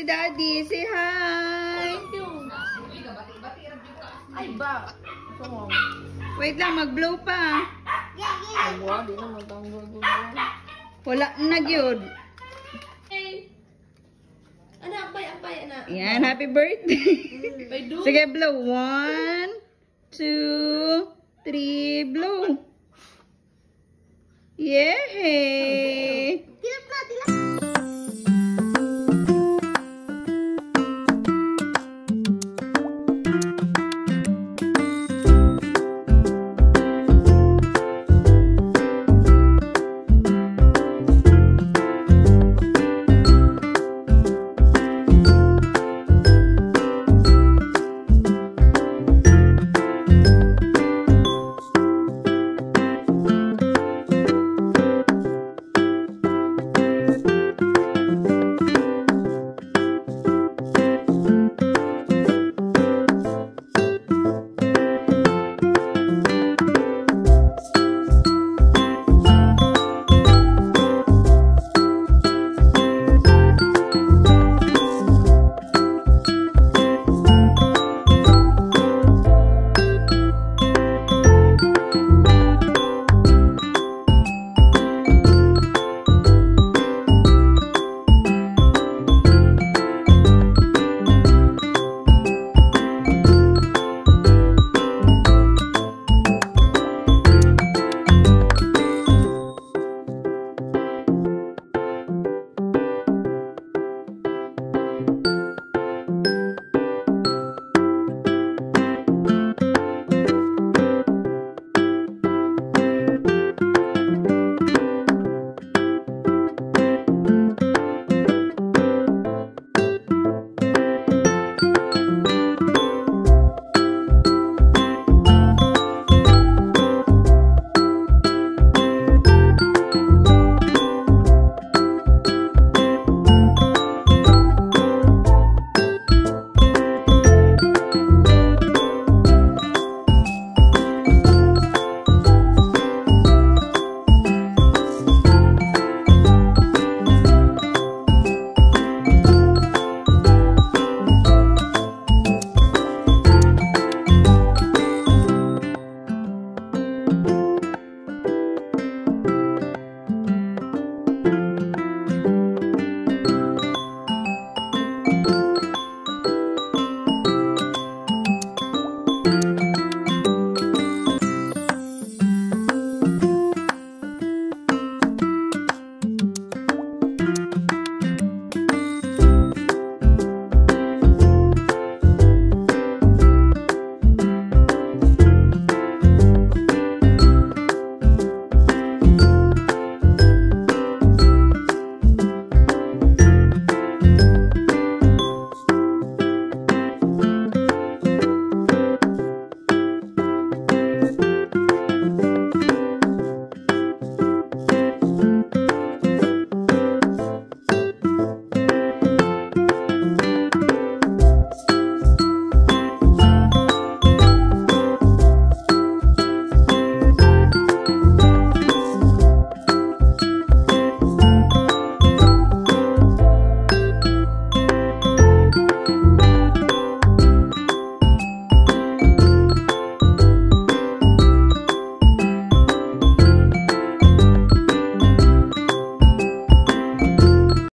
si Daddy. Say hi! Ay ba? Wait lang, mag-blow pa. Wala na yun. Anak, bay, abay, anak. Yan, happy birthday. Sige, blow. One, two, three, blow. Yay! you